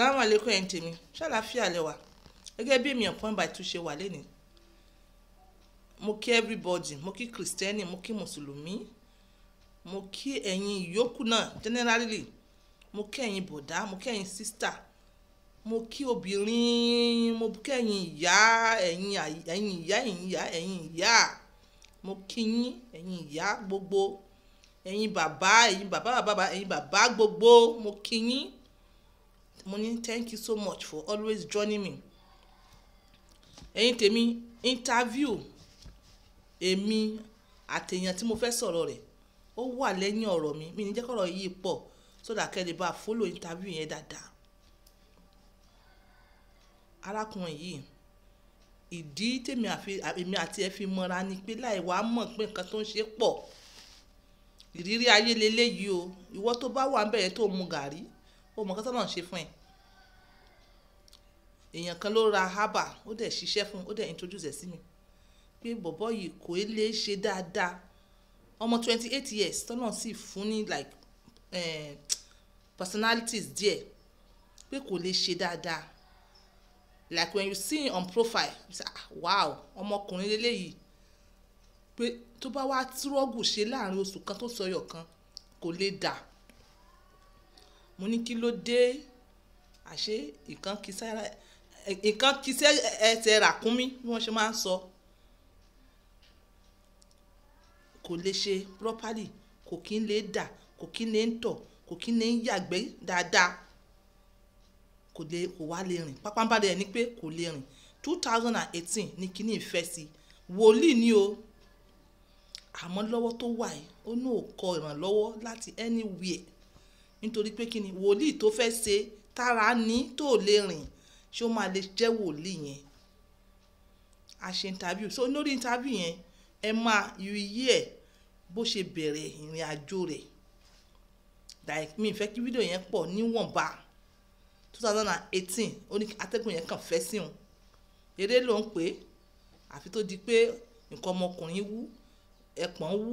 láwọn àlékún ẹ̀ ń tèmi ṣàlàáfíà lẹ́wà gẹ́gẹ́ bí èmi ọ̀pọ̀ ìbà tún ṣe wà lẹ́ni mo kí everybody mo kí kristẹni mo kí mùsùlùmí mo kí ẹ̀yin ìyókù náà generally mo kí ẹ̀yin bọ̀dá mo kí ẹ̀yin sísítà mo kí obìnrin mo kí ẹ̀yin ìyá ẹ̀yin ẹ̀yin ìyá ẹ̀yin ìyá ẹ̀yin ìyá mo kí yín ẹ̀yin ìyá gbogbo ẹ̀yin bàbá ẹ̀yin bàbá bàbá ẹ̀yin bàbá gbogbo mo kí yín mo thank you so much for always joining me ẹ̀yin tèmi interview èmi àtèyàn tí mo fẹ́ sọ̀rọ̀ rẹ̀ ó wà lẹ́yìn ọ̀rọ̀ mi mi ní jẹ́ kọ́rọ̀ yìí pọ̀ sódà kẹ́lẹ́ bá follow interview yẹn dáadáa arákùnrin yìí ìdí tèmi èmi àti ẹ fi mọra ni pé láì wàá mọ̀ pé nǹkan tó ń ṣe pọ̀ ìrírí ayé leléyìí o ìwọ tó bá wà ń bẹ̀rẹ̀ tó mu gàrí o mọ̀ kọ́tọ́ náà ṣe fún ẹ èèyàn kan ló ra hábà ó dẹ̀ ṣiṣẹ́ fún ó dẹ̀ introduce ẹ̀ sí mi pé bọ̀bọ̀ yìí kò é lè ṣe dáadáa ọmọ twenty eight years tọ́nà sì fún ní like eh, personalities díẹ̀ pé kò lè ṣe dáadáa like when you see him on profile you say ah wow ọmọkùnrin lélẹ́yìí pé tó bá wá tírọ́gù ṣe láàrin oṣù kan tó sọyọ̀ kan kò lè dà mo ní kí ló dé àṣé ìkan kì sára ìkan kì sẹ́ ẹsẹ̀ ràkúnmí bí wọ́n ṣe máa ń sọ kò lè ṣe properly kò kí ń lè dà kò kí ń lè ń tọ̀ kò kí ń lè ń yàgbẹ́ dáadáa kò lè kò wá lè rìn pápánbárẹ̀ ni pé kò lè rìn two thousand and eighteen ni kíní ìfẹ́ sí wòlíì ni o àmọ́ lọ́wọ́ tó wà yìí ó ní òkọ ìrànlọ́wọ́ láti anywhere nítorí pé kí ni wòlíì tó fẹ́ ṣe tára ní tó lè rìn ṣé ó máa lè jẹ́ wòlíì yẹn a ṣe interview so lórí interview yẹn ẹ máa you hear bó ṣe bẹ̀rẹ̀ ìrìn àjò rẹ̀ like mi fẹ́ kí fídíò yẹn pọ̀ níwọ̀nba two thousand and eighteen ó ní atẹ́gùn yẹn kàn fẹ́ sí òun eré ló ń pè é àfi tó di pé nǹkan ọmọkùnrin wú ẹ̀pọ̀n wú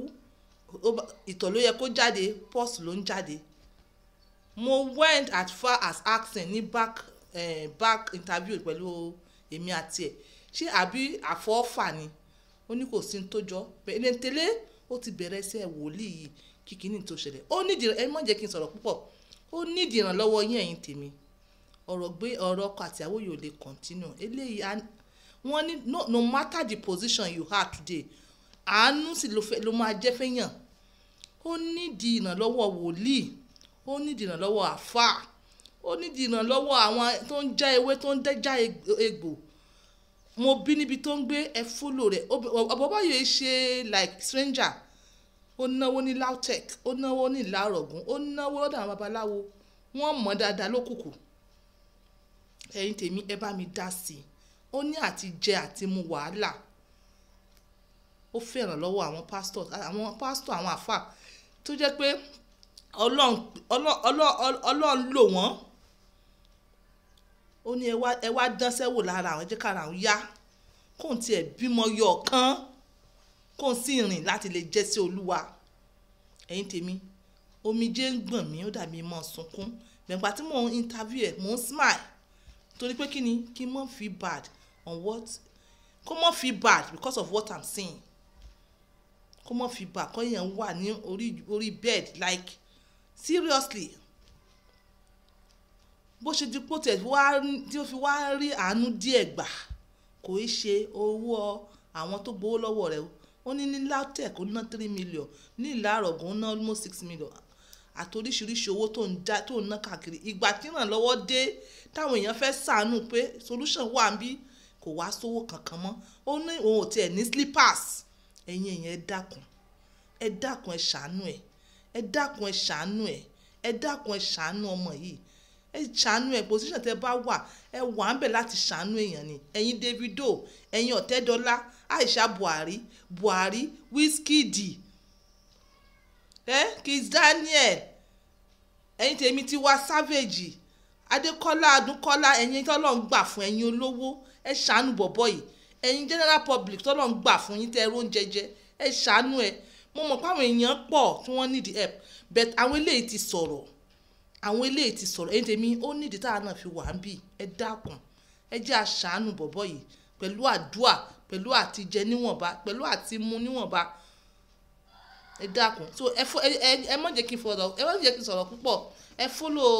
ìtọ̀ ló yẹ kó jáde pọ́ọ̀sì ló ń jáde mo went as far as asking ní back eh, back interview pẹ̀lú èmi àti ẹ̀ ṣé àbí àfọ́fà ni ó ní kò sí ní tó jọ bẹ́ẹ̀ tẹ́lẹ̀ ó ti bẹ̀rẹ̀ iṣẹ́ wòlíì yìí kí kìíní tó ṣẹlẹ̀ ó nídìí ẹ má jẹ́ kí n sọ̀rọ̀ púpọ̀ ó nídìí ìrànlọ́wọ́ yín ẹ̀yin tèmi ọ̀rọ̀ gbé ọ̀rọ̀ ọkọ àtìyàwó yóò lè continue eléyìí wọ́n ní no, no matter the position you are today àánú sì ló máa jẹ́ fẹ́yàn ó nídìí ìrànlọ́wọ́ wòlíì ó nídìí ìrànlọ́wọ́ àfáà ó nídìí ìrànlọ́wọ́ àwọn tó ń já ewé tó ń dẹ́já e-, egbò mo bí níbi tó ń gbé ẹ fólò rẹ̀ ọ̀bọ̀bọ̀ yìí ṣe like stranger ó náwó ní LAUTECH ó náwó ní ìlà ọ̀rọ̀gùn ó náwó lọ́dọ̀ àwọn babaláwo wọ́n mọ̀ dáadáa lókùnkùn ẹ̀yin tèmi ẹ bá mi dá sí i ó ní àti jẹ àti mu wàhálà ó fẹ́ ìrànlọ́wọ́ àwọn pásítọ̀ àwọn pásítọ̀ àwọn àfà tó jẹ́ pé ọlọ́run lò wọ́n ó ní ẹ wá dánṣẹ́ wò lára àwọn ẹjẹ́ kára àwọn yá kóun tiẹ̀ bímọ yọ ọ̀kan kóun sì rìn láti lè jẹ́ sí olúwa ẹ̀yin tèmi omijé ń gbọ̀n mí ó dàbí mọ́ sunkún gbẹ̀ngbà tí mò ń interview ẹ̀ mò ń smile torí pé kí ni kí n mọ̀ feel bad on what kó mọ̀ feel bad because of what i'm saying. kó mọ̀ feel bad kó yẹn wà ní orí orí bed like seriously bó ṣe di protest tí ó fi wá rí àánú díẹ̀ gbà kò í ṣe owó àwọn tó gbowó lọ́wọ́ rẹ̀ ó ní ní LAUTECH ó ná three million ní ìlàrọ̀gùn ó ná almost six million àti oríṣiríṣi owó tó ń já tó ń ná káàkiri ìgbà tí ìrànlọ́wọ́ dé táwọn èèyàn fẹ́ sàánú pé solution wà ń bí kò wá sówó kankan mọ́ ó ní òun ò tiẹ̀ ní slippers ẹ̀yin èèyàn ẹ dákun ẹ dákun ẹ ṣàánú ẹ̀ ẹ dákun ẹ ṣàánú ẹ ẹ dákun ẹ ṣàánú ọmọ yìí ẹ ṣàánú ẹ position tẹ bá wà ẹ wà ń bẹ láti ṣàánú èèyàn ni ẹ̀yin Davido ẹ̀yin Ọ̀tẹ́dọ́lá Aisha Buhari Buhari Wizkid ẹ eh? Kiss Daniel ẹ̀yin tèmi Tiwa Savage Adékọ́lá Adúkọ́lá ẹ̀yin tọ́lọ́ ń gbà fún ẹ̀yin olówó ẹ ṣàánú bọ̀bọ̀ yìí ẹ̀yin general public tọ́lọ́ ń gbà fún yín tẹ́ ẹ róúnjẹ jẹ ẹ ṣàánú ẹ mo mọ̀ pé àwọn èèyàn pọ̀ tí wọ́n need help but àwọn eléyìí ti sọ̀rọ̀ àwọn eléyìí ti sọ̀rọ̀ ẹ̀yin tèmi ó nídìí táwa náà fi wà ń bì ẹ dákun ẹ jẹ́ àṣàánú bọ̀bọ̀ yìí pẹ̀lú àdúà pẹ̀lú àtijẹ níwọ̀nba pẹ̀lú àtimu níwọ̀nba ẹ dákun so ẹ fọ ẹ ẹ má jẹ́ kí n fọ̀rọ̀ ẹ má jẹ́ kí n sọ̀rọ̀ púpọ̀ ẹ fọ́lọ̀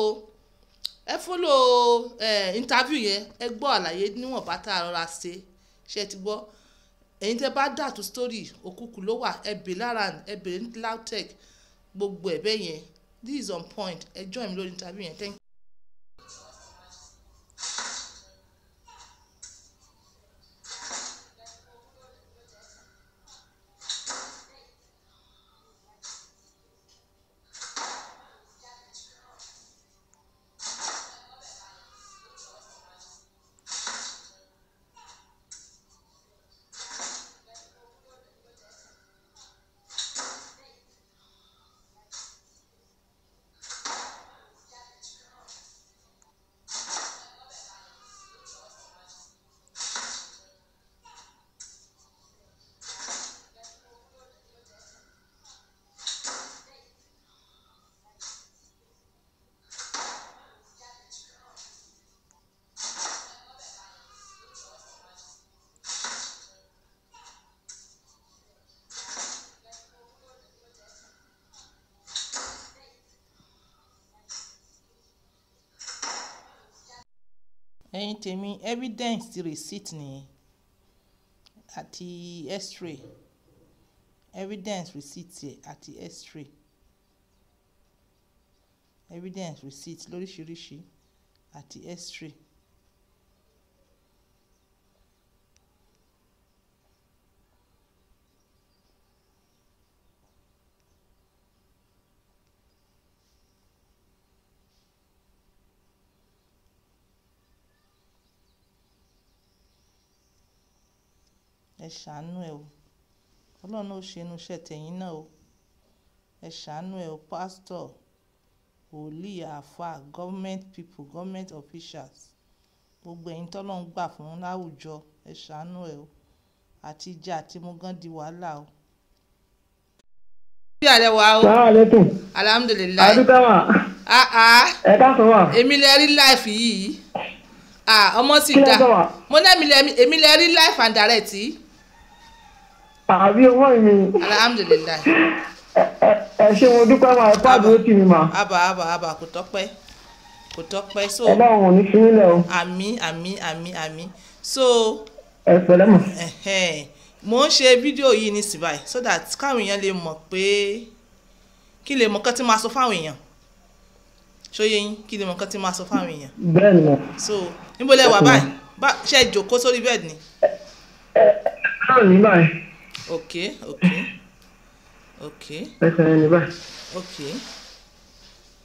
ẹ fọ́lọ̀ ẹ interview yẹn ẹ gbọ́ àlàyé níwọ̀nba tá a rọra ṣe ṣe ti gbọ́ ẹ̀yin tẹ́ bá dàtú story òkùnkùn ló wà ẹbè lára ẹbè lautech gbogbo ẹ̀bẹ̀ yẹn this is on point ẹ join mi lórí interview yẹn thank you. ẹ̀yin tèmi evidence ti receipt nìyẹn àti x-ray evidence receipt yẹ àti x-ray evidence receipt lóríṣiríṣi àti x-ray. ẹ ṣàánú ẹ o ọlọ́run ó ṣe iṣẹ́ tẹ̀yìn náà o ẹ ṣàánú ẹ o pásítọ̀ wòlíì àáfàá government people government officials gbogbo ẹ̀yin tọ́lọ́run gbà fún láwùjọ ẹ ṣàánú ẹ o àti ìjà àti mugán di wàhálà o. bí alẹ́ wa o. alhamdulilayi. ah ah. èmi lè rí láìfì yìí. ah ọmọ sì dá. kí ló sọ èmi lè rí life and direct àbí owó mi. alhamdulilayi. ẹ ṣe mo dúpẹ́ máa ẹ pàdé ó tì mí ma. àbà àbà àbà kò tọ́pẹ́ kò tọ́pẹ́ so. ẹ dáhùn ní sílẹ̀ o. àmì àmì àmì àmì so. ẹ pẹ̀lẹ́ mọ̀. mo ń ṣe fídíò yìí ní síbáì so that káwọn èèyàn lè mọ̀ pé kí lè mọ̀ kán tí máa sọ fáwọn èèyàn ṣóyè yín kí lè mọ̀ kán tí máa sọ fáwọn èèyàn. bẹ́ẹ̀ni. so níbo lẹ wà báyìí ṣe jòkó sórí bẹ́ẹ̀dì ni. ẹ ẹ ẹ náà ní báyìí ok ok ok. ẹsẹ̀ yẹn ní báyìí. ok.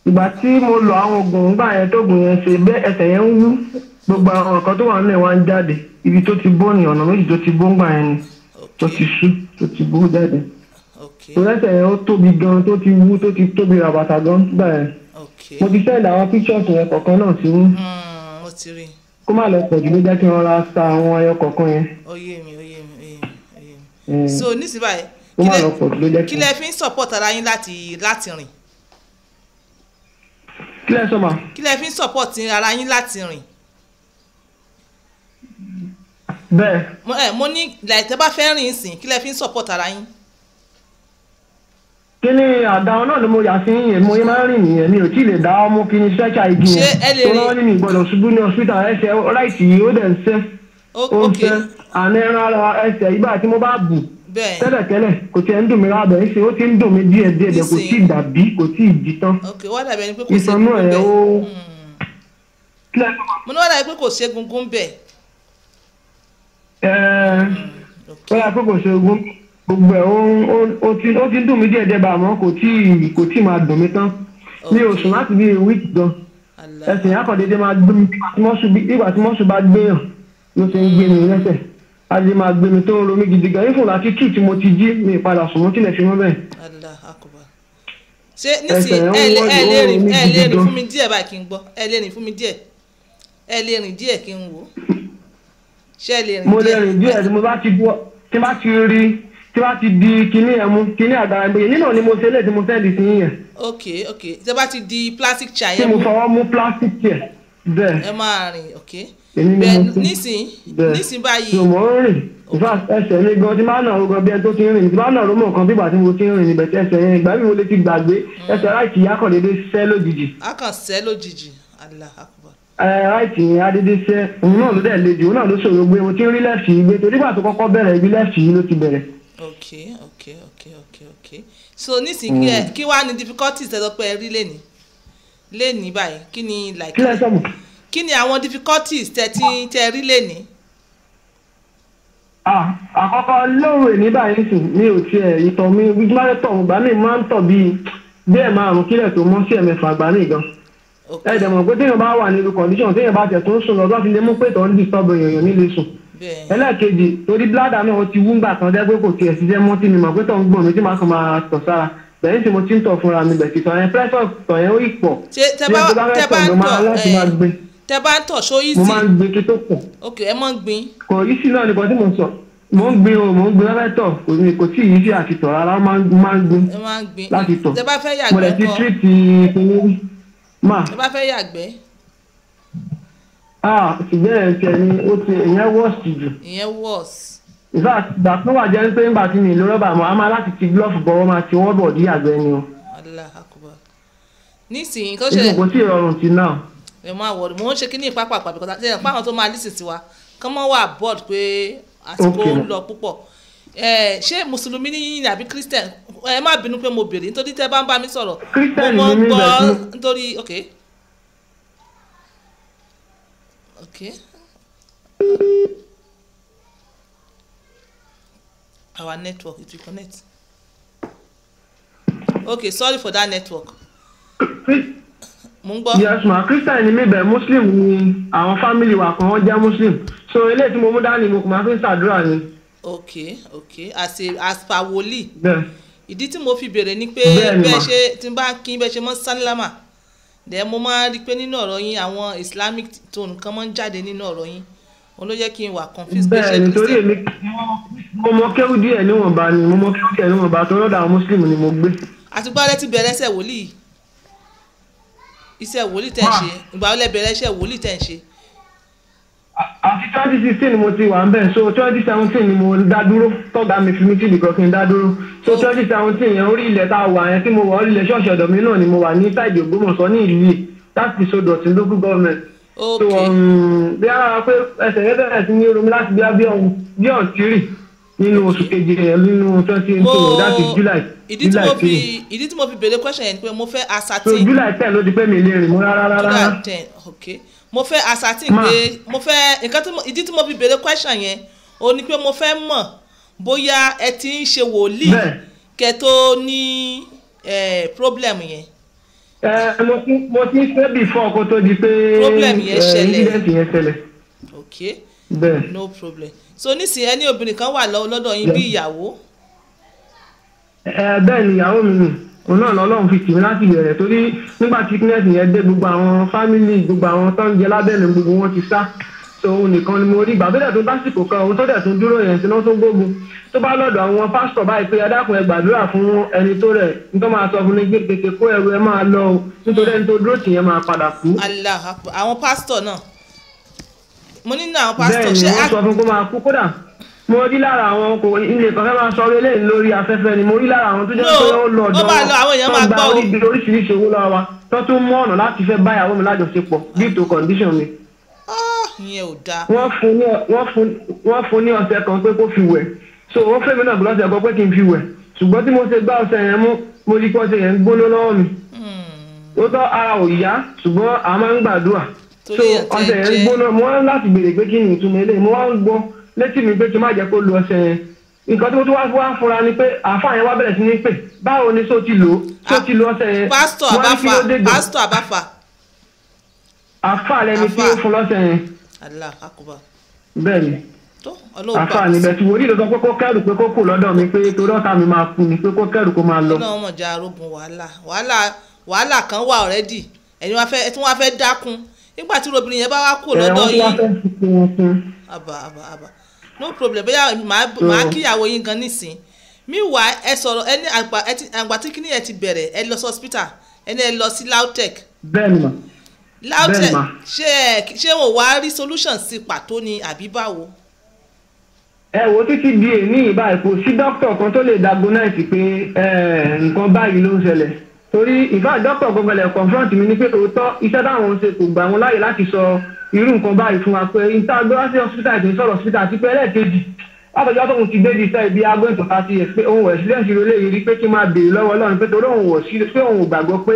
ìgbà tí mo lo àwọn oògùn ńgbà yẹn tóògùn yẹn ṣe bẹ́ẹ̀ ẹsẹ̀ yẹn ń wú gbogbo àwọn nǹkan tó wà nílẹ̀ wá ń jáde ibi tó ti bó ní ọ̀nà méjì tó ti bó ńgbà yẹn ni tó ti ṣú tó ti bó jáde. tó lẹ́sẹ̀ yẹn ó tóbi gan tó ti wú tó ti tóbi ràbàtà gan gbà yẹn. mo ti sẹ́ẹ̀dì àwọn pictures yẹn kọ̀ọ̀kan náà sí wú. Hmm, mo ti rí i kó má lọ pọ̀jù ló jẹ́ kí wọ́n Mm. so nísìnyí báyìí kí lẹ fi ń support ara yín láti láti rìn. kí lẹ sọ ma. kí lẹ fi ń support ara yín láti rìn. bẹ́ẹ̀. mo ẹ mo ní láìtẹ́ bá fẹ́ rìn sìn kí lẹ fi ń support ara yín. kíni àdáwọn náà ló mo yà sí yìnyín mo yẹ máa ń rìn nìyẹn mi ò tí ì lè dá ọmọ kí ni ṣẹ́ṣà igi yẹn tó lọ́wọ́ nínú ìgbọ́dọ̀ ṣubú ní hospital ẹsẹ̀ ráìtì yìí ó dẹ̀ ń sẹ́ oúnjẹ àní rárá ẹsẹ̀ ìgbà tí mo bá bù tẹ́lẹ̀tẹ́lẹ̀ kò tiẹ̀ ń dùn mí rábẹ̀ ń ṣe ó ti ń dùn mí díẹ̀ díẹ̀ dẹ̀ kò tí ì dàbí kò tí ì di tán ìtàn náà ẹ̀ ó. Hmm. mo ní wọ́n dàbí pé kò ṣe egungun bẹ̀. ẹ̀ẹ́ wọ́n hmm, dàbí pé kò ṣe egungun gbogbo ẹ̀ ó ti ń dùn mí díẹ̀ díẹ̀ bá àmọ́ kò tí ì kò tí ì máa dùn mí tán mi ò sùn láti bí wíìkì gan ẹ̀sìn akọ̀dédé máa gbé mi ìgbà tí mọ́ṣù bá gbé yàn ló ti ń gbé mi lẹ́sẹ̀ a lè máa gbé mi tó ń romí gidi gan ifun láti tù tí mo ti jí mi ìpadà sùn mo tilẹ̀ fi mọ́ bẹ́ẹ̀. ṣé nísìnyí ẹ lè rìn ẹ lè rìn fún mi díẹ̀ báyìí kí n gbọ́ ẹ lè rìn fún mi díẹ̀ ẹ lè rìn díẹ̀ kí n wò ṣé ẹ lè rìn díẹ̀. mo lè rìn díẹ̀ tí mo bá ti bọ́ tí bá ti rí tí bá ti di kinní ẹ̀ mú kinní àgbàrá ẹ̀ yìí náà ni mo ṣe lè tí mo fẹ́ di sí yẹn. ok ok tí bá ti di plastic chair tí mo fọwọ́ mú plastic chair bẹ́ẹ̀. ẹ máa rìn ok èmi ni mo tún nísìn nísìn báyìí mo mọ̀ ń rìn ẹsẹ̀ mi gan ti máa ń nà ogun bí ẹ tó ti ń rìn ti máa ń nà ló mọ̀ kan bí ìgbà tí mo ti ń rìn níbẹ̀ tí ẹsẹ̀ yẹn ìgbà mi mo lè ti gbàgbé ẹsẹ̀ láìsí yá kàn déédéé sẹ́ lójijì. a kàn sẹ́ lójijì Allah akbar. ẹ láìsí yẹn adédé sẹ́ òun náà ló dẹ̀ le jù òun náà ló ṣòro gbé mo ti ń rí lẹ́ẹ̀sì gbé torí gbà tó kọ́kọ́ bẹ̀rẹ̀ ibi lẹ́ẹ̀sì ló ti bẹ̀rẹ̀. ok ok ok ok ok so nísìnyí kí mm. wàá ní difficulties ẹ lọ pé ẹ rí lẹ́ni lẹ́ni báyìí kí ni like. kí lẹ kí ni àwọn difficulties tẹ ti tẹ rí lè ní. àkọ́kọ́ lóru èmi báyìí sùn mi ò tiẹ̀ ìtọ̀ mi gbígbárẹ́ tọ̀ gbà mí máa ń tọ̀ bíi bẹ́ẹ̀ máa rùn kílẹ̀ tó mọ́ sí ẹ̀mẹ́fà gbà mí gan. ẹ dẹ̀ mọ̀ pé téèyàn bá wà nínú condition téèyàn bá tẹ̀ tó ń sùn lọ́dọ́ fi lè mú pé tó ń disturb èèyàn nílé sùn. ẹlẹ́ẹ̀kejì torí bladder náà ti wú ńgbà kan dẹ́gbẹ́ kò tiẹ̀ ṣiṣẹ́ mọ́ tí mi mọ̀ pé tó ń gbọ̀n mi tí màá kàn máa tọ̀ sára bẹ́ẹ̀ tí mo ti ń tọ̀ fúnra mi bẹ̀ sí tọ̀ yẹn pressure tọ̀ yẹn ó ì pọ̀. tẹ bá tọ̀ ẹ tẹ bá ń tọ̀ ṣó yìí sí. mo máa ń gbin kí tó pọ̀. ok ẹ mọ̀ ń gbin. kò yìí sí náà nìkan tí mo sọ mo ń gbin o mo ń gbin lọ́fẹ́ tọ̀ kò ní kò tí yìí sí àti tọ̀ rárá máa ń gbin láti tọ̀ mo lè ti tírìtì ìpinnu mà. tẹ bá fẹ́ yàgbẹ́. ah ṣùgbọ́n ẹ̀ tiẹ̀ ni ó ti ìyẹn wọ́ọ̀sì jù. ìyẹn wọ́ọ̀sì ìfà dàpọ̀ wà jẹ́ pé nígbà tí mi ló rọ́bà mọ́ a máa láti ti gílọ́ọ̀fù bọ́ wọ́n máa ti wọ́n bọ̀ dí àgbẹ̀ ni o. nísìnyí kó ṣe. ìṣòkò ìrọ̀rùn ti náà ẹ máa wọrí mò ń ṣe kíní ìpápá àpàbí kọta ṣe ìpáwọn tó máa lísì tiwa kán wà board pé àsìkò ń lọ púpọ̀ ṣé mùsùlùmí ni yín àbí christian ẹ má bínú pé mo béèrè nítorí tẹ bá ń bá mi sọ̀rọ̀ mo mọ̀ gbọ́ nítorí ok. our network it will connect okay sorry for that network mo ń gbọ́. yes ma christian ni mi bẹ̀ muslim ni àwọn family wa kan wọ́n muslim so eléyìí tí mo mú dání mo kò máa fi ń ṣàdúrà ni. ok ok as a as per wòlíì. bẹ́ẹ̀ ìdí tí mo fi béèrè ni pé bẹ́ẹ̀ ṣe tí n bá kí bẹ́ẹ̀ ṣe mọ́ sálámà dẹ̀ mo máa rí i pé nínú ọ̀rọ̀ yín àwọn islamic tone kan máa ń jáde nínú ọ̀rọ̀ yín òun ló jẹ́ kí n wà confused. bẹ́ẹ̀ nítorí èmi mo mọ kéwú díẹ̀ níwọ̀nba ni mo mọ kéwú díẹ̀ níwọ̀nba tó lọ́dọ̀ àwọn muslim ni mo gbé. àtúgbọ́n rẹ ti bẹ̀rẹ̀ ẹsẹ̀ wòlíì iṣẹ́ wòlíì tẹ̀ ń ṣe ìgbà wọlé bẹ̀rẹ̀ iṣẹ́ wòlíì tẹ̀ ń ṣe. àti twenty sixteen mo ti wà ń bẹ̀ so twenty seventeen ni mo dá dúró tọ́gbà mi fi mí tì nìkan kí n dá dúró so twenty seventeen yẹn orí ilẹ̀ tá a wà yẹn tí mo wà orí ilẹ̀ ṣọ́ọ̀ṣì ọ̀dọ̀ mi náà ni mo wà ní sáìdì Ògbómọ̀ṣọ́ ní ìlú láti sodọ̀tún local government okay. so um, bí a rà pé ẹsẹ̀ yẹn bẹ̀rẹ̀ sí ní oromi láti bí a bí ọ̀hún bí ọ̀hún tírì nínú oṣù keje nínú twenty eight to láti july july ten. ìdí tí mo fi béèrè question yẹn ni pé mo fẹ́ ascertain. so july ten ló di pé mi lè rìn mú rárá rárá. july ten ok mo fẹ́ ascertain pé mo fẹ́ nǹkan tí ìdí tí mo fi béèrè question yẹn o ni pé mo fẹ́ mọ̀ bóyá ẹ ti ń ṣe wòlíì kẹ́ tó ní problem yẹn mo ti ń ṣe before kó tó di pé problem yẹn ṣẹlẹ̀ ok bẹ́ẹ̀ no problem so nísìnyí ẹni obìnrin kan wà lọ́dọ̀ yín bí ìyàwó. ẹ bẹ́ẹ̀ ni ìyàwó mi ni òun náà lọ́lọ́run fi tì mí láti bẹ̀rẹ̀ torí nígbà tí sickness yẹn dé gbogbo àwọn fámìlì gbogbo àwọn tó ń jẹ lábẹ́lẹ̀ gbogbo wọn ti sá so nìkan ni mo rí ìgbà bẹ́ẹ̀ tó dásìkò kan òun tó dẹ̀ tó dúró yẹn síná tó gbógun tó bá lọ́dọ̀ àwọn pásítọ̀ báyìí pé adákùn ẹ gbàdúrà fún ẹni tó rẹ̀ nítorí máa sọ fún ní gbé kékeré kó ẹrù ẹ máa lọ nítorí ẹni tó dúró tì yẹn máa padà kú. àwọn pásítọ̀ náà mo ní náà pásítọ̀ ṣe. bẹ́ẹ̀ni mo sọ fún kó máa kú kódà mo rí lára àwọn kò ilé kọfẹ máa sọ ilé lórí afẹ́fẹ́ ni mo rí lára àwọn tó jẹ́ pé ó lọ ọ̀dọ̀ wọn tó gba oríṣiríṣi owó lọ́wọ́ wa tó tún mú ọ̀nà láti fẹ́ báyàwó mi lájọṣepọ̀ due to condition mi. Ah, wọ́n fún ní ọ̀sẹ̀ kan pé kó fi wẹ̀ so ó fẹ́ mi náà gbọ́dọ̀ ṣe pé kí n fi wẹ̀ ṣùgbọ́n tí mo ṣe gbá ọ̀sẹ̀ yẹn mú mo rí pé yẹn gbóná lọ́wọ́ mi. Hmm. ó tọ́ ara ò yá ṣùgbọ́n a máa ń gbàdúrà torí ẹ̀tẹ̀ jẹ́ ọ̀sẹ̀ gbóná mo wá láti béèrè pé kí ni ìtumọ̀ eléyìí mo wá ń gbọ́ létí mi pé kí n má jẹ́ kó lu ọ̀sẹ̀ yẹn nǹkan tí mo tún wá wá fúnra ni pé àáfàá yẹn wá bẹ̀rẹ̀ sí ní pè báwo ni sóò ti lò sóò ti lò ọ̀sẹ̀ yẹn wọ́n ní kí ló dé gbé pásítọ̀ àbáfà àáfàá lẹni tí ó fún lọ́sẹ̀ yẹn bẹ́ẹ̀ni àáfàá ni bẹ́ẹ̀ tí wòlíì ló sọ pé kó kẹ́rù pé kó kù lọ́dọ̀ mi pé torí ọ̀tá mi máa kú ni pé kó kẹ́rù kó máa lọ. iná ọmọ ìjà arógun wàhálà wàhálà wàhálà kan wà ọ̀rẹ́dì ẹ̀yin wá fẹ́ dákun nígbà tí obìnrin yẹn bá wá kó lọ́dọ̀ yìí àbà àbà àbà no problem bóyá màá kíyàwó yín gan nísìn meanwhile ẹ sọ̀rọ̀ ẹni àgbà tí kíní yẹn ti bẹ̀rẹ̀ ẹ lọ sí hospital ẹni ẹ lọ sí lautech. bẹ́ẹ̀ ni ma lautech ṣé ṣé wá rí solution sí pàtó ni àbí báwo ẹ wo títí di èmi ìbá kò sí dókítà kan tó lè diagnose pé nǹkan báyìí ló ń ṣẹlẹ̀ torí ìbá dókítà gbọgbẹlẹ confront mi ní pé òótọ́ iṣẹ́ táwọn ń ṣe kò gbà wọn láàyè láti sọ irú nǹkan báyìí fún wa pé níta gbọ́dọ̀ sí hospital ti ń sọ̀rọ̀ hospital ti pé ẹlẹ́ẹ̀kejì látọjọ́ tóun ti gbé di iṣẹ́ ibi aago ètò àti pé òun wẹ̀ sílẹ̀ ìṣirò lè rí pé kí n máa béèrè lọ́wọ́ Ọlọ́run pé torí òun wọ̀ sí pé òun gbàgbọ́ pé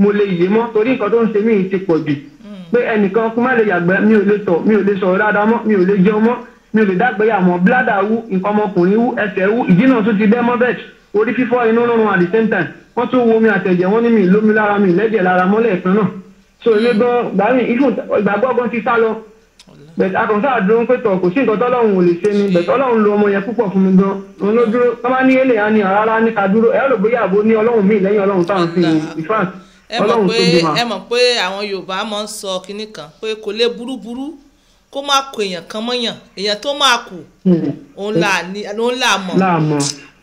mo lè yé mọ́ torí nǹkan tó ń ṣe mí ti pọ̀ jù mm. pé ẹnìkan kó má lè yàgbẹ́ mi ò lè tọ̀ mi ò lè sọ̀rọ̀ dáadáa mọ́ mi ò lè jẹun mọ́ mi ò lè dágbéyà mọ́ bladder wú nǹkan ọmọkùnrin wú ẹsẹ̀ wú ìdínà tún ti bẹ́ mọ́ bẹ́ẹ̀ orí fífọ́ inú rúnrún at the same time wọ́n tún wo omi àtẹ̀jẹ̀ wọ́n ní mi lómi lára mi lẹ́jẹ̀ lára mọ́lẹ̀ ẹ̀kan náà so ilé hmm. gan gbàmí ìgbàgbọ́ ọgbọ́n ti sá lọ bẹ̀t akọ̀ǹsá àdúró pé tọ̀ kò sí nǹkan tọ́lọ́run ò lè ṣe ni bẹ̀t ọlọ́run lo ọmọ yẹn púpọ̀ fún mi gan òun ló dúró tọ́ bá ní èlé àní àrárá ní ká dúró ẹ̀rọ bóyá àbó ní ọlọ́run míì lẹ́yìn ọlọ́run táwọn fi in fact ọlọ́run tó bí ma. ẹ mọ̀ pé àwọn Yorùbá máa ń sọ kinní kan pé kò lè burúburú kó má kó èèyàn kan mọ́yàn èèyàn tó máa kù hmm. òun là mọ̀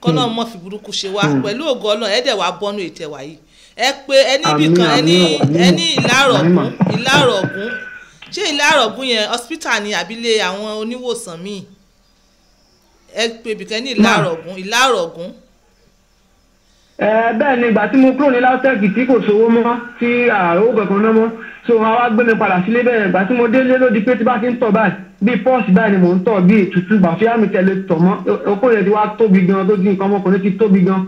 kọ́nà hmm. mọ̀ fi burúkú ṣe wá hmm. pẹ̀lú ògo ọlọ́run ẹ̀ẹ́dẹ̀ wá bọ́nú ètè wáyé ẹ pé ẹni ibìkan ẹni ẹni ìlàrọ̀gún ìlàrọ̀gún ṣé ìlàrọ̀gún yẹn hospital ni àbílẹ̀ àwọn oníwòsàn míì ẹ pé ibìkan ẹni ìlàrọ̀gún ìlàrọ̀gún bẹ́ẹ̀ ni ìgbà tí mo kúrò ní LAUTECH tí kò sówó mọ́ tí àròwò kankan náà mọ́ so àwa gbé mi padà sílé bẹ́ẹ̀ ìgbà tí mo délé lódi pé tí bá ti ń tọ̀ báyìí bíi pọ́ọ̀sì báyìí ni mò ń tọ̀ bíi ètùtù bàfíà mi tẹ̀lé tọ̀ mọ́ okó yẹn ti wá tóbi gan tó di nǹkan ọmọkùnrin ti tóbi gan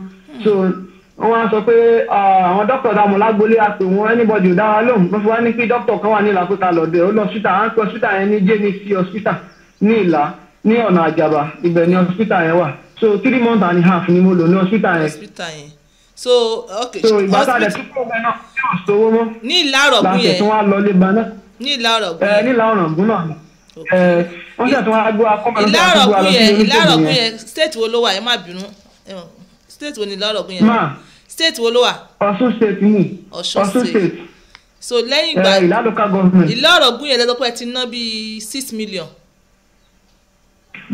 so wọ́n á sọ pé àwọn dókítà dààmú lágbolé àpè wọn anybody ò dá wa lóhùn wọ́n fi wá ní kí dókítà kan wà ní ìlà kúta lọ́dọ̀ ó lọ síta à ń pẹ́ hospital yẹn ní jnc hospital ní ìlà ní ọ̀nà àjàbá ibẹ̀ ni hospital yẹn wà so three months and a half ni mo lò ní hospital yẹn so okay, so ìgbàsá rẹ̀ tún kúrò náà yóò sówó mọ́ ní ìlàrọ̀gùn yẹn láti tún wá lọ lé ba náà ní ìlàrọ̀gùn eh, yẹn ní ìlàrọ̀gùn náà eh, wọ́n ṣe tún wá gbọ́ akọ́mọ̀lọ́gbọ́n ìlàrọ̀gùn yẹn ìlàrọ̀gùn yẹn state wo ló wà ẹ má bínú eh, state wo ni ìlàrọ̀gùn yẹn state wo ló wà. Ọ̀ṣun state ni Ọ̀ṣun state so lẹ́yìn ìgbà ìlàrọ̀gùn yẹn lẹ́dọ́pẹ́ ti ná bíi six million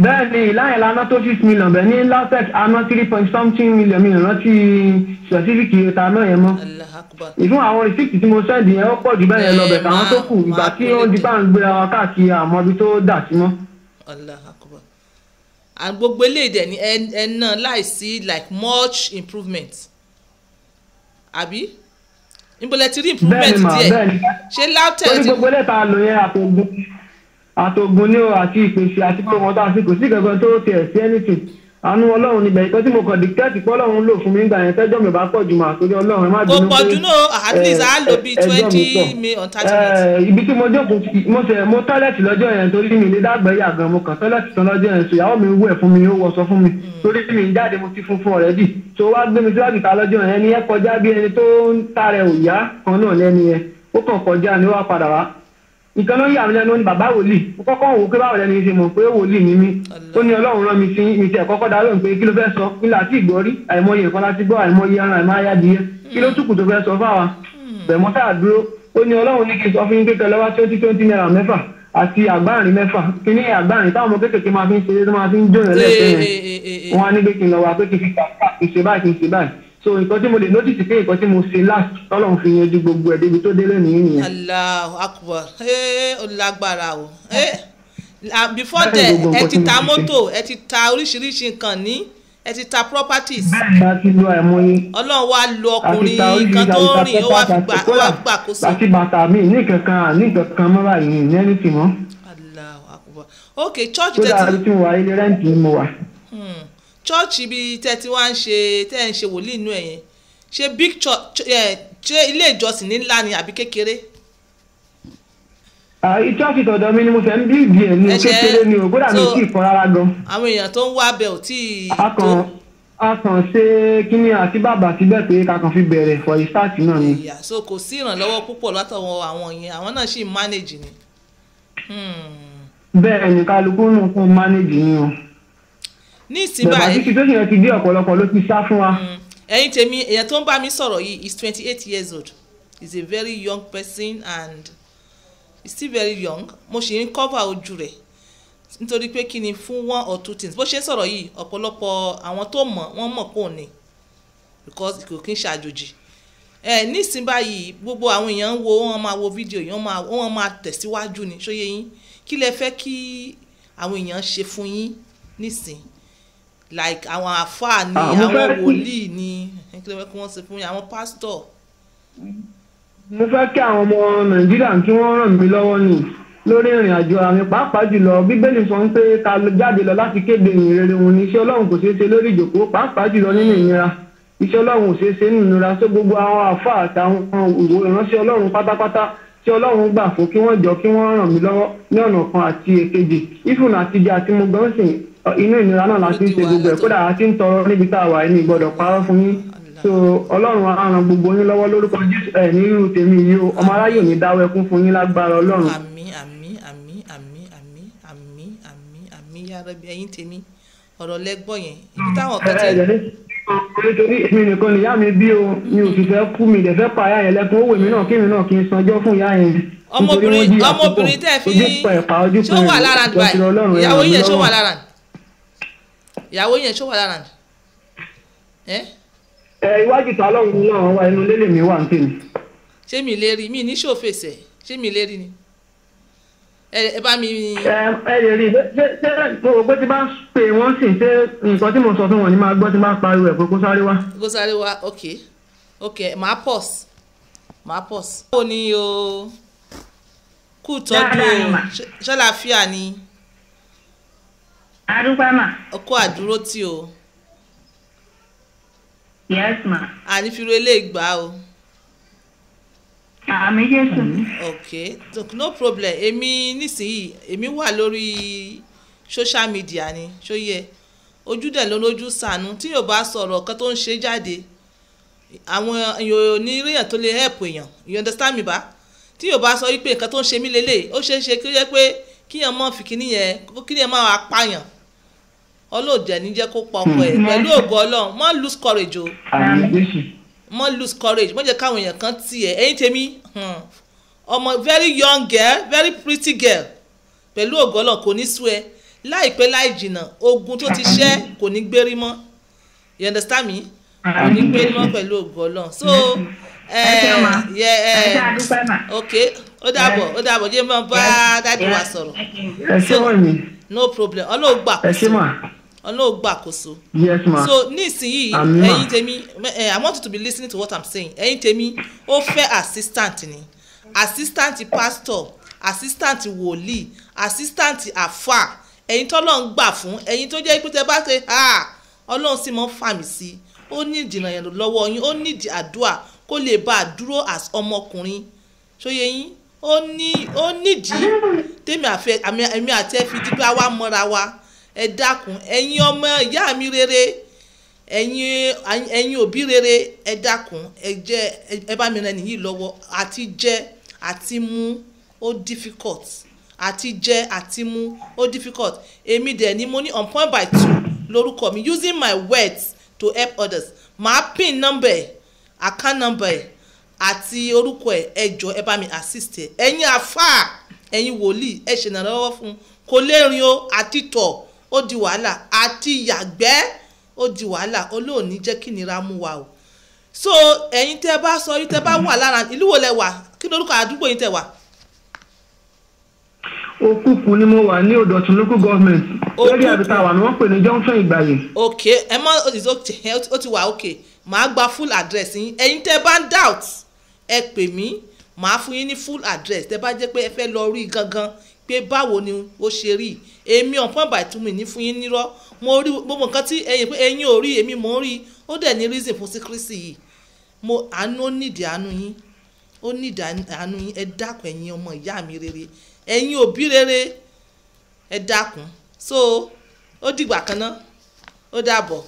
bẹ́ẹ̀ ni ìláyìn lana tó six million bẹ́ẹ̀ ni latex aná three point something million mi ìrántí specific ìta náà yẹn mọ́ ìfún àwọn receipt tí mo send yẹn ó pọ̀ jù bẹ́ẹ̀ yẹn lọ bẹ̀ káwọn tó kù ìgbà tí ó di bá ń gbéra wa káàkiri àmọ́ ibi tó dà sí mọ́. gbogbo eléyìí ni ẹ náà láìsí like much improvement àbí níbo lẹ ti rí improvement díẹ̀ ṣé latex. ó gbogbo eléyìí ta lò yẹn àpò ogun àtògùn ni o àti ìpèsè àti pé wọn tà sí kò sí kankan tó tiẹ̀ sí anything àánú ọlọ́run níbẹ̀ ìkan tí mo kàn dìkẹ́ẹ̀tì pé ọlọ́run lò fún mi gbà yẹn tẹ́jọ́ mi bá pọ̀ jù mà torí ọlọ́run ẹ má bínú pé kò pọ̀ jù náà at least á lò bíi twenty mi on thirty minutes. ibi tí mo jókòó mo ṣe mo tọ́lẹ̀tì lọ́jọ́ yẹn torí mi ní dàgbẹ́ gan mo kàn tọ́lẹ̀tì tán lọ́jọ́ yẹn so ìyàwó mi wẹ̀ fún mi ó wọṣọ fún mi hmm. torí mi ń jáde mo ti fún fún ọ̀rẹ́dì so wá gbé mi síwájú ta lọ́jọ́ yẹn ni ẹ kọjá bí ẹni tó ń tààrẹ òyà kan náà lẹ́ni yẹn ó kàn kọjá ni ó wá padà wá nǹkan ló yà mí lẹ́nu ó ní bàbá wòlíì mo kọ́kọ́ wò ó pé báwo lẹ́nu ṣe mọ̀ pé wòlíì ni mí ó ní ọlọ́run rán mi sí mi ti ẹ̀kọ́kọ́ darí òun pé kí ló fẹ́ sọ kí láti ìgbọ́ rí àìmọye nǹkan láti gbọ́ àìmọye ẹran àìmọye adìyẹ kí ló túkù tó fẹ́ sọ fáwa bẹ̀mọ́ tá a dúró ó ní ọlọ́run ní kí n sọ fún pé kẹlẹ́wà twenty twenty naira mẹ́fà àti àgbáàrin mẹ́fà kí ní àgbáàrin táwọn ọmọ kéékèèké máa fi ń ṣeré tó máa fi ń jóyàn lẹ́sẹ̀ yẹn eh, eh, eh, wọ́n á ní pé kí n lọ wá pé kí n fi kàkà kí n ṣe báyìí kí n ṣe báyìí so nǹkan tí mo lè notice pé nǹkan tí mo ṣe last tọ́lọ̀ fi yanjú gbogbo ẹ̀ débi tó délé nìyí nìyẹn. Allahu Akbar ee eh, ó o ah. ee eh, before that ẹ ti ta mọ́tò ẹ ti ta oríṣiríṣi nǹkan ní ẹ ti ta properties. bẹ́ẹ̀ni a ti lo àìmọye. ọlọ́run wa lo ọkùnrin kan tó ń rìn ó wá fi gbà kó sí. àti bàtà mi ní kankan ní kankan mọ́ra yìí ní ẹni tì mọ́. Allahu Akbar ok church tẹ́tí. tó dáa tí mo wà ilé rẹ́ǹtì mo wà. Hmm chọ́ọ̀chì ibi tẹ́ ti wá ń ṣe tẹ́ ń ṣe wòlíì inú ẹ̀ yẹn ṣe big church ṣe ilé ìjọsìn ní ńlá ni àbí kékeré. ìtọ́sí tọ̀dọ̀ mi ni mo fẹ́ ń bí ìdí ẹ̀ ní kékeré ni o kódà mi ò tí ì fọ́ rárá gan. àwọn èèyàn tó ń wá abẹ ò tí ì tó. a kàn ṣe kíní àti bàbà síbẹ̀ pé ká kàn fi bẹ̀rẹ̀ for start náà ni. ìyá so kò sí ìrànlọ́wọ́ púpọ̀ látọwọ́ àwọn yẹn àwọn náà sì ń manage ni. Hmm. bẹ́ẹ̀ ni kálukú nù fún manage ni o ní ìsìn báyìí. bàbá títí tó ṣe ti dé ọ̀pọ̀lọpọ̀ ló ti sá fún wa. Mm. ẹ̀yin tèmi èèyàn tó ń bá mi sọ̀rọ̀ yìí is twenty eight years old is a very young person and is still very young mo ṣì ń cover ojú rẹ̀ nítorí pé kí ni fún one or two things bó ṣe ń sọ̀rọ̀ yìí ọ̀pọ̀lọpọ̀ àwọn tó mọ̀ wọ́n mọ̀ pò ní because kò kí ń ṣàjòjì ẹ nísìn báyìí gbogbo àwọn èèyàn ń wo wọn máa wo fídíò yìí wọn máa tẹ̀síwájú ni ṣóyé yín kí lẹ fẹ́ kí àwọn èèyàn ṣe fún yín nísìn like àwọn àfáà ni ah, àwọn wòlíì ni kí ló fẹ́ kí wọ́n ṣe fún yín àwọn pásítọ̀. mo fẹ́ kí àwọn ọmọ nàìjíríà kí wọ́n ràn mí lọ́wọ́ ni lórí ìrìn àjò àmì pàápàá jùlọ bíbélì sọ pé ká jáde lọ láti kéde ìyìn rere wọn ni iṣẹ́ ọlọ́run kò ṣeé ṣe lórí ìjòkó pàápàá jùlọ nínú ìnira iṣẹ́ ọlọ́run ò ṣeé ṣe nínú ìnira sí gbogbo àwọn àfáà àtàwọn òwò ìránṣẹ́ ọlọ́run pátápátá tí ọlọ́run gbà fún kí wọ́n jọ kí wọ́n ràn mí lọ́wọ́ ní ọ̀nà kan àti èkejì ifun àtijọ́ àti mo gan sìn inú ìnira náà la ti ń ṣe gbogbo ẹ̀ kódà a ti ń tọrọ níbi tá a wà ní ìgbọ́dọ̀ parọ́ fún yín so ọlọ́run á ran gbogbo yín lọ́wọ́ lórúkọ jésù ẹ̀ nínú tèmi yìí o ọmọ aráyè ní dáwọ́ ẹkún fún yín lágbára ọlọ́run. àmín àmín àmín àmín àmín àmín àmín àmín yára bí ẹ̀yin tèmi ọ̀rọ̀ lẹ́gbọ́ yẹn ibi táwọn kan ti. nítorí èmi nìkan nìyá mi bí o mi ò sì fẹ́ kú mi dẹ̀ fẹ́ pa ìyá yẹn lẹ́kùn owó èmi náà kí èmi náà kí n sanjọ́ fún ìyá yẹn. ọmọbìnrin ọmọbìnrin tẹ́ fi ṣó wà lára ìyàwó yẹn ṣó wà lára ìyàwó yẹn ṣó wà lára ni. ẹ iwájú ta lọ́run náà wá inú lélẹ̀ mi wà ń tèmi. ṣé mi lè rí mi ní ṣòfèsè ṣé mi lè rí ni. ẹ bá mi. ẹ ẹ lè rí ṣé ṣé o pé tí bá pè wọ́n sì ṣe nǹkan tí mo sọ fún wọn ni máa gbọ́ tí máa pariwo ẹ̀ pé kó sáré wá. kó sáré wá ok ok màá pause màá pause. báwo ni o kú tọ́jú o ṣọláfíà ni adúpẹ́ mà. ọkọ àdúró tí o. yes ma. ànífiru eléyìí gbà o. àmì jésù. ok no problem èmi nísìnyí èmi wà lórí social media ni ṣó yẹ ojú dẹ̀ ló lójú sànú tí yóò bá sọ̀rọ̀ kan tó ń ṣe jáde àwọn èèyàn oníríyàn tó lè help èèyàn you understand me ba? tí yóò bá sọ wípé nǹkan tó ń ṣe mí lélẹ̀ ó ṣeé ṣe kí ó yẹ pé kíyàn mọ́ fìkínní yẹn kíyàn máa pààyàn ọlọ́ọ̀dẹ níjẹ́ kó pa ọkọ ẹ̀ hmm. pẹ̀lú ògo ọlọ́run má lose courage o má lose courage má jẹ́ káwọn èèyàn kan tì ẹ́ ẹ̀yin tèmi hmm, ọmọ very young girl very pretty girl pẹ̀lú ògo ọlọ́run kò ní sú ẹ láìpẹ́ láì jìnnà ogun tó ti ṣẹ́ kò ní gbérí mọ́ you understand me kò ní gbérí mọ́ pẹ̀lú ògo ọlọ́run so eh, ẹ eh. ẹ ẹ ok ó dàbọ̀ ó dàbọ̀ jẹ́ mọ́ bá dádì wa sọ̀rọ̀ so no problem ọlọ́ọ̀gbà kò sí ọlọ́run gbàkóso. yes ma so nísìnyìí ẹ̀yin tèmi i want you to be listening to what i'm saying ẹ̀yin tèmi ó fẹ́ assistant ni assistant pastor assistant wòlíì assistant àfà ẹ̀yin tó lọ́n gbà fún ẹ̀yin tó jẹ́ pé tẹ bá ṣe ha ọlọ́run sì mọ́ fàmì sí ó ní ìdìnnà yẹn lọ́wọ́ yín ó ní ìdí àdúrà kó lè bá a dúró as ọmọkùnrin ṣóyẹ yín ó ní ó nídìí tèmi àfẹ èmi àti ẹ fi dípẹ́ àwa mọ́ra wa ẹ dákun ẹ̀yin ọmọ ìyá mi rere ẹ̀yin ẹ̀yin òbí rere ẹ dákun ẹ jẹ́ ẹ bá mi rẹ nìyí lọ́wọ́ àti jẹ àti mu ó difficult àti jẹ àti mu ó difficult èmi dẹ̀ ni mo ní on point by two lórúkọ mi using my words to help others màá pin number ẹ̀ account number ẹ̀ àti orúkọ ẹ ẹjọ ẹ bá mi assist ẹ ẹ̀yin àfáà ẹ̀yin wòlíì ẹ ṣèrànlọ́wọ́ fún un kò lè rìn o àti tọ ó di wàhálà àti yàgbẹ́ ó di wàhálà olóòní jẹ́ kí nira mú wa o so ẹ̀yin tẹ́ bá sọ yìí tẹ́ bá wà lára ìlú wo lẹ wà kí lórúkọ àdúgbò yìí tẹ́ wà. òkùnkùn ni mo wà ní Òdòtún local government lórí àbíta wà ni wọ́n pè ní Johnson Ìgbàyè. ok ẹ mọ ó ti wà ok màá gba full address yín ẹ̀yin tẹ́ bá ń doubt ẹ pè mí màá fún yín ní full address tẹ́ bá jẹ́ pé ẹ fẹ́ lọ rí gangan pé báwo ni ó ṣe rí èmi ọ̀pọ̀n bàtúmì ní fún yín nírọ́ mo rí gbogbo nǹkan tí ẹ̀yin pé ẹ̀yin ò rí èmi mò ń rí ó dẹ̀ ní reason fún sí Kristi yìí mo àánú ó nídìí àánú yín ó nídìí àánú yín ẹ dákun ẹ̀yin ọmọ ìyá mi rere ẹ̀yin òbí rere ẹ dákun so ó dìgbà kan náà ó dàbọ̀.